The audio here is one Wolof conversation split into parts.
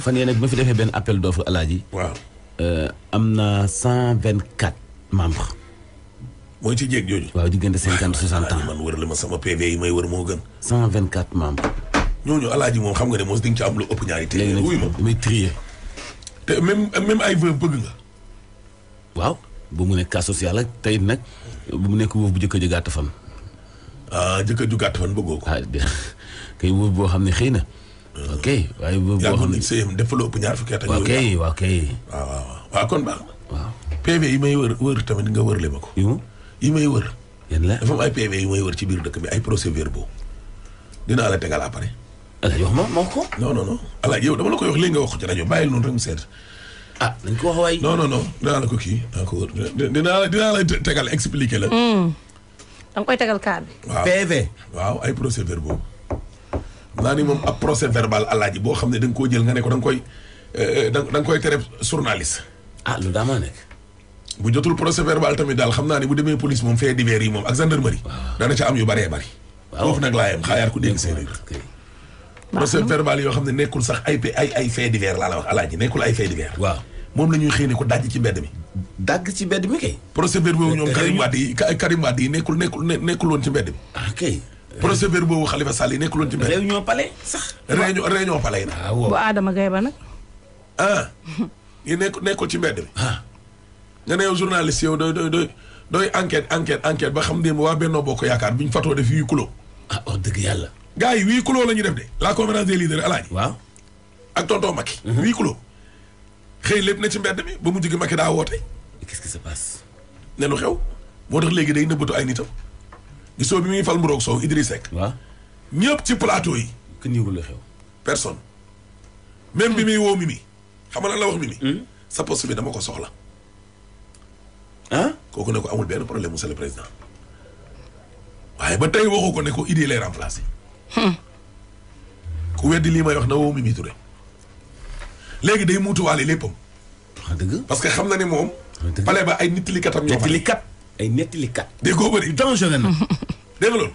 fan yee nag bi ma fi defee benn appel d'offre alaaji. waaw euh, am na cent vingt quatre membre mooy ci jéeg jooju. waaw diggante cinquante soixante ans man wër la ma sama PV yi may wër moo gën. cent vingt quatre membres. ñooñu alaaji moom xam nga ne moom di nga ci am lu ëpp ñaari téeméer. wuy ma damay trier. te même même ay veuve bëgg nga. waaw bu mu nekk cas social ak tey nag bu mu nekk wóof bu jëkkër ju gàtt fan. ah jëkkër ju gàtt fan bëggoo ko. ah kay wóof boo xam ne xëy na. ok waaye boobu boo xam ne ICM def la ëpp ñaar fukki at ak ok waaw waaw waaw waaw kon baax waaw PV yi may wër wër tamit nga wërle ma ko yi may wër yan la dafa am ay PV yi may wër ci biir dëkk bi ay procès-verbaux dinaa la tegal après alaaj wax ma ma ko non non non yow dama la koy wax léegi nga wax ci rajo bàyyil noonu rek mu seet ah nañ ko wax waay non non non la ko kii dinaa ko wër dinaa la tegal expliqué la hmm. da koy tegal kaar bi waaw PV ay procès-verbaux naa ni moom ab procès verbal alaaji boo xam ne da koo jël nga ne ko da nga koy euh, da nga koy tere journaliste. ah lu daa maa nekk. bu jotul procès verbal tamit daal xam naa ni bu demee police moom fee divers yi moom ak gendarmerie. dana ca am yu bëree bëri. waaw foofu nag laa yem xaayaar ku dégg séeréer. procès verbal yoo xam ne nekkul sax ay ay ay fait divers laa la wax ji nekkul ay fait divers. waaw moom la ñuy xëy ko dajj ci mbedd mi. dagg ci mbedd mi kay. procès verbal ñoom Karim Wade yi Karim yi nekkul nekkul nekkul woon ci mbedd mi. ah procès verbal boobu Khalifa Sall yi nekkuloon ci mbedd. réunion palais sax. réunion réunion palais la. Ah, bu Adama Gaye ba nag. ah. yi nekk nekkul ci mbedd bi. nga ne yow journaliste yow doy doy doy doy enquête enquête enquête ba xam ne waa Benno Bokk Yaakaar bi ñu fatoo def huis clos. ah dëgg yàlla. gars yi huis clos la ñu def de. la conférence des leaders alaaji. waaw ak tonton Macky. Mhm. huis clos. xëy lépp na ci mbedd mi ba mu jóge Macky daa woote. quest lu xew boo tax léegi day nëbbatu ay nitam. gisoo bi muy fal Mburoog Sow Idriss Seck. waaw ñëpp ci plateau yi. que niiru la xew. personne même bi muy woo mini xam nga lan la wax Mimi. Hmm? sa poste dama ko soxla. ah kooku ne ko amul benn problème monsieur le président waaye ba tey waxu ko ne ko Idy lay hmm. ku weddi lii may wax na woo Mimi Touré léegi day muutuwaale léppam. dëgg parce que xam na ne moom. pale ba ay nettalikat ñoo fa ay nettalikat. déggoo bëri dangereux dégg loolu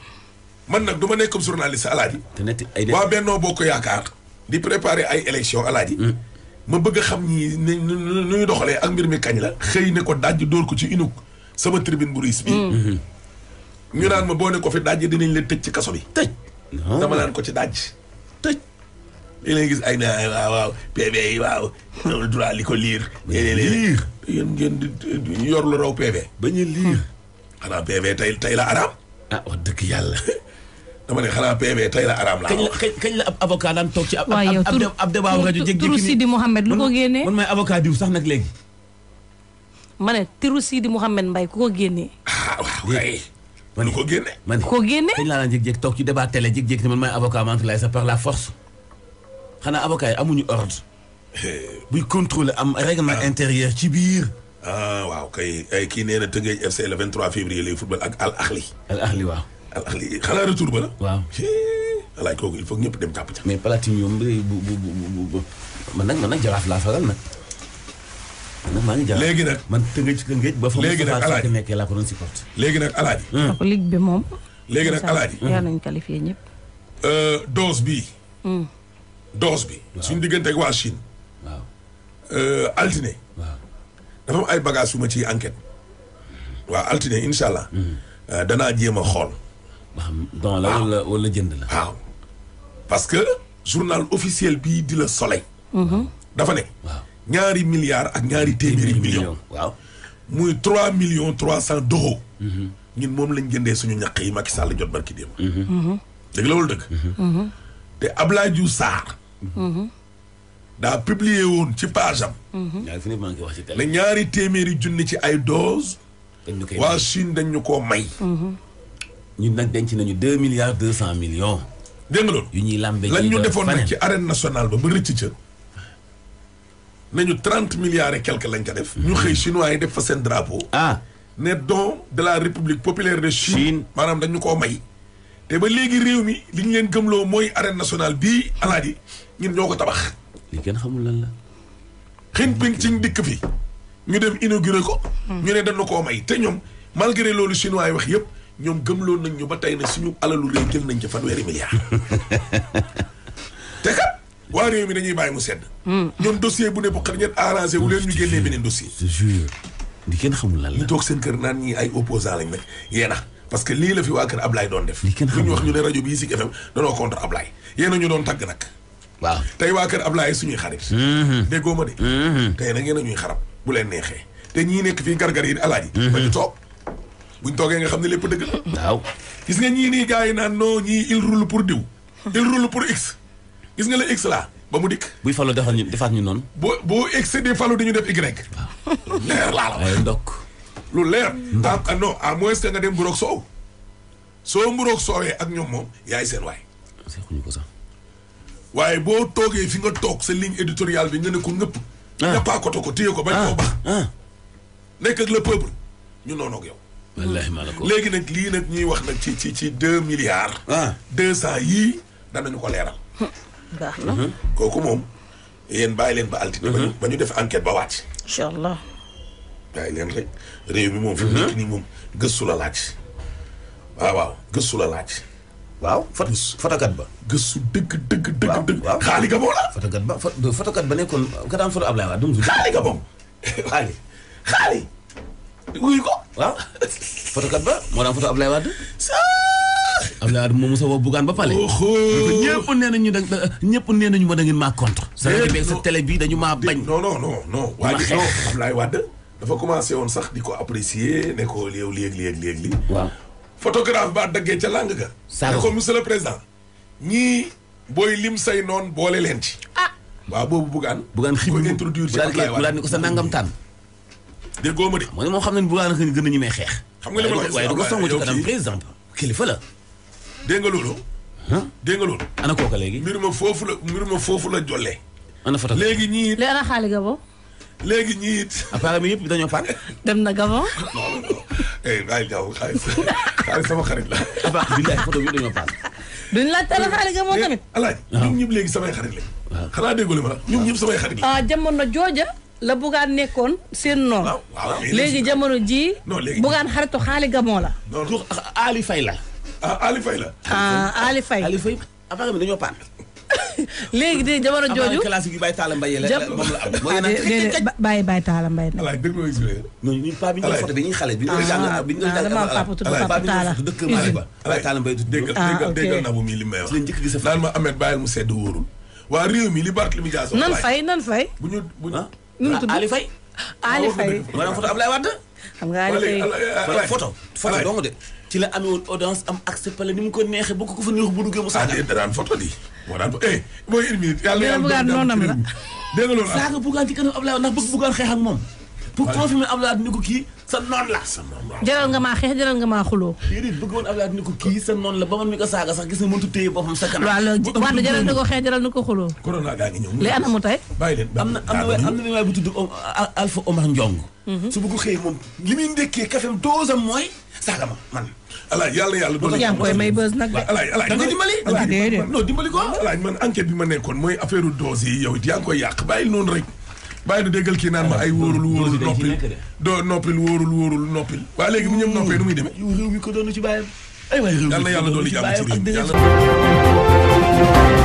man nag du ma nekk comme journaliste alaaji. te waa Bennoo Bokk Yaakaar. di préparer ay élection alaaji. Hmm. ma bëgg a xam ñi ni nu ñu doxalee ak mbir mi kañ la. xëy ne ko dajj dóor ko ci inuk sama tribune bu riis bi. Hmm. Hmm. ñu naan ma boo ne ko fi dajj dinañ leen tëj ci kaso bi. tëj ah. dama naan ko ci dajj. tëj. léeg-léeg gis ay na waaw waaw yi waaw loolu droit li ko liir. liir yéen ngeen di yor liir. xanaa PV tey la araam. ah wax dëgg yàlla dama ne xanaa PV tey la araam laa wax la ab avocat daan toog ci ab ab débat wax ju jég turu Sidi Mouhamed lu man may avocat diw sax nag léegi mane ne turu Sidi Mouhamed Mbaye ku ko génnee ah waaw waay man ko génne man laa daan jég-jég toog ci débat télé jég-jég ne man may avocat manque sa par la force xanaa avocat yi amuñu ordre buy contrôler am règlement ah. intérieur ci biir ah waaw kay kii nee na Tëngéej FC le 23 février lay football ak Al Ahli. Al Ahli waaw. Al Ahli xanaa retour ba la. waaw alaay kooku il faut ñëpp dem jàpp ca. mais Platini moom bu bu bu bu man nag man nag jaraaf laa faral nag. man maa ngi jaraaf léegi nag man Tëngéej Tëngéej ba fa léegi nag alaaji nekkee laa ko doon supporté. léegi nag alaaji. Hmm. ak ligue bi moom. léegi nag alaaji. yaa nañu qualifié ñëpp. Euh, dose bi. Hmm. dose bi. waaw suñu diggante ak waa Chine. waaw euh, altine. dafa am ay bagages su ma ciy enquête waaw altine incha allah. Hmm. Euh, danaa jéem a xool. don la wala wala jënd la. waaw parce que journal officiel bii di la Soleil. Mhm. dafa ne. ñaari milliards ak ñaari téeméeri millions. waaw muy trois millions trois cent d'euros. Mhm. ñun moom lañ jëndee suñu ñaq yi Macky Sall jot barki démb. Mhm. dëgg la wala dëgg. te Abdoulaye Diouf Sarr. daa publier woon ci page am. Mhm. ne ñaari téeméeri junni ci ay doses. waa Chine dañ ñu koo may. Mhm. ñun nag denc nañu deux milliards deux cent millions. dégg yu ñuy lambee lan ñu defoon nag ci arène nationale ba ba rëcc ca. nañu trente milliards et quelque lañ ko def. Mhm. ñu xëy chinois yi def fa seen drapeau. ah ne don de la république populaire de Chine. Chine maanaam dañu koo may. te ba léegi réew mi li ñu leen gëmloo mooy arène nationale bii alaaji ñun ñoo ko tabax. li kenn xamul lan la. xin ping ci dikk fi ñu dem inauguré ko. Hmm. ñu ne dañu koo may te ñoom malgré loolu chinois yi wax yëpp ñoom gëm gëmloon nañ ñu ba tey ne suñu alalu réew jël nañ ca fanweeri milliards. te kat waa mu sedd. Hmm. ñoom dossier bu ne bu xëy ñett arrangé wu leen ñu génnee beneen dossier. je jure li kenn xamul lan la. ñu toog seen kër naan ñii ay opposant lañ nag yéen a parce que lii la fi waa kër Ablaye doon def. li kenn ñu wax ñu ne rajo bi Zik FM danoo contre Ablaye yéen a ñu doon tagg nag. waaw tey waa kër ab Ablaye suñuy xarit. Mm-hmm. déggoo ma de. Mm-hmm. tey na ngeen a ñuy xarab bu leen neexee te ñii nekk fii gargar yi alaaji. Mm-hmm. ba ñu toog buñ toogee nga xam ne lépp dëgg la. waaw gis nga ñii nii gars yi naan non ñii il roule pour diw. il roule pour x. gis nga la x laa ba mu dikk. buy falu defal ñu defaat ñu noonu. boo boo x di falu di ñu def y. waaw leer laa la wax. ndokk lu leer. ndokk ah, ah non à moins que nga dem mburoog soow. soo mburoog soowee ak ñoom moom yaay seen waay. ko sax. waaye boo toogee fi nga toog sa ligne éditoriale bi nga ne ko ngëpp. Ah. ñappaakoto ko téye ko ba koo ah. baax. Ah. nekk ak le peuple ñu noonu ak yow. maa la ko léegi nag lii nag ñuy wax nag ci ci ci deux milliards. deux cent yii danañu ko leeral. na uh-huh. kooku moom. yéen bàyyi leen ba altine. ba ñu uh-huh. ba ñu def enquête ba wàcc. incha allah. bàyyi leen rek réew mi moom. fi nekk uh-huh. nii moom gëstu la laaj. waaw waaw gëstu la laaj. waaw fot fotokat ba gëstu dëgg dëgg dëgg dëgg xaali ga ba nekkoon ka daan foto Ablaye Wade dum su xaali ga moom xaali waaw fotokat ba moo daan foto Ablaye Wade Abdoulaye Wade moom Moussa woo Bougane ba pale da ñëpp nee nañu ma da ngeen maa contre dañu maa bañ non non non woon sax di ko apprécier ne ko léew léeg léeg waaw photographe baa daggee ca làng ga. saabu ko monsieur le président ñii booy lim say noon boole leen ci. ah waaw boobu bugaan. bugaan xibu ko introduire ci Ablaye Wade bugaan ni ko sa nangam tànn. déggoo ma de. mooy moom xam ne nañ bugaan ak gën a may xeex. xam nga li ma la waaye du ko songu ci kanam président kilifa la. dégg nga loolu. dégg nga loolu. ana kooka léegi. mbir ma foofu la mbir ma foofu la jolle. ana photo léegi ñii. leer na xaalis léegi ñii it. appareil bi yëpp dañoo fànn. dem na Gabon. non non eh bàyyi jaww xaalis sama xarit la. appareil bi laaj photo bi dañoo fànn. duñ laaj téléphone nga moom eh, tamit. alaaj ah. ñoom ñëpp léegi samay xarit lañ. waaw ah. xanaa déggoo ma la ñoom ñëpp samay xarit lañ. ah jamono jooja. la bugaan nekkoon seen noonu. léegi jamono ji bugaan xaritu xaali gamoo la. non ah, Ali Faye la. ah Ali Faye la. ah Ali Faye. Ali Faye appareil bi dañoo fànn. léegi de jamono jooju classique yi bàyyi taala la moom la am bàyyi bàyyi taala mbay nag ñu pa bi ñu photo bi ñuy xale bi ñu ah, jàng bi ñu ah, jàng pa bi déggal na bu mi li may wax lañ jëkk gis naan ma amet bàyyil mu sedd wóorul waa réew mi li Barthélémy Dias nan fay nan fay bu ñu bu ñu ñu ah? tudd Ali Fay Ali Fay maanaam photo Ablaye Wade xam nga de ci la amee woon audience am accepté la ni mu ko neexee bu ko ko fa neex bu duggee mu saaga daan photo di moo daan eh mooy une minute. yàlla yàlla doon daan ci réew mi dégg nga loolu. Ah. saaga bugaan ci kanam Ablaye ndax bëgg bugaan xeex ak moom. pour confirmer Abdoulaye Wade ni ko kii sa noon la. sa noon la jaral nga maa xeex jaral nga maa xuloo. déedéet bëgg woon Abdoulaye ni ko kii sa noon la ba man mi ko saaga sax gis nga mënut a téye boppam sa kanam. waaw loolu jaral ko xeex jaral na ko xuloo. corona gaa ngi ñëw. li anamu leen am na man. alaaj bi ma nekkoon mooy affaire dose yi yow it koy yàq bàyyi noonu rek bàyyi nu déggal kii naan ma ay wóorul wóorul noppil doo noppil wóorul wóorul noppil waa léegi mu ñëpp noppee nu muy deme réew mi ko doonu ci bàyyam ay waay réew mi yàlla na yàlla doon jàmm ci réew